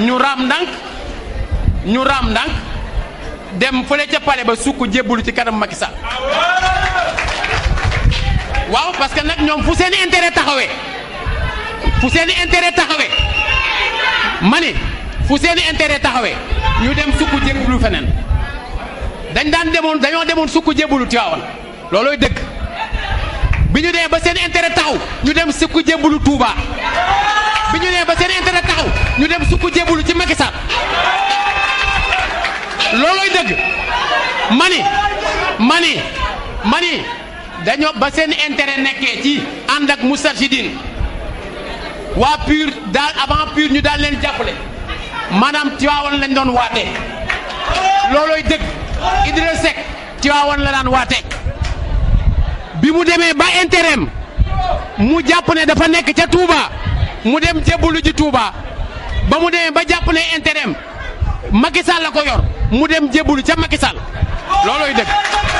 ñu raam ndànk ñu raam ndànk dem fële ca pale ba sukk jébbalu ci kanam Macky Sall waaw parce que nag ñoom fu seeni intérêt taxawee fu seen intérêt taxawee ma fu seen intérêt taxawee ñu dem sukk jébbalu feneen dañ daan demoon dañoo demoon sukk jébbalu Tiwaawan loolooy dëkk bi ñu dee ba seen intérêt taxaw ñu dem sukk jébbalu tuubaa ñu dem sukk jébbalu ci Macky Sall loolooy dëgg mani mani mani dañoo ba seen intérêt nekkee ci ànd ak Moustarchidine waa PUR daal avant PUR ñu daal leen jàppale maanaam Tiwaawan lañ doon waatee loolooy dëgg Idrissa Seck Tiwaawan la daan waatee bi mu demee ba intérêt mu jàpp ne dafa nekk ca Touba mu dem jébbalu ji tuubaa ba mu demee ba jàpp ne intérêt am la ko yor mu dem jébbalu ca Macky Sall loolooy dëgg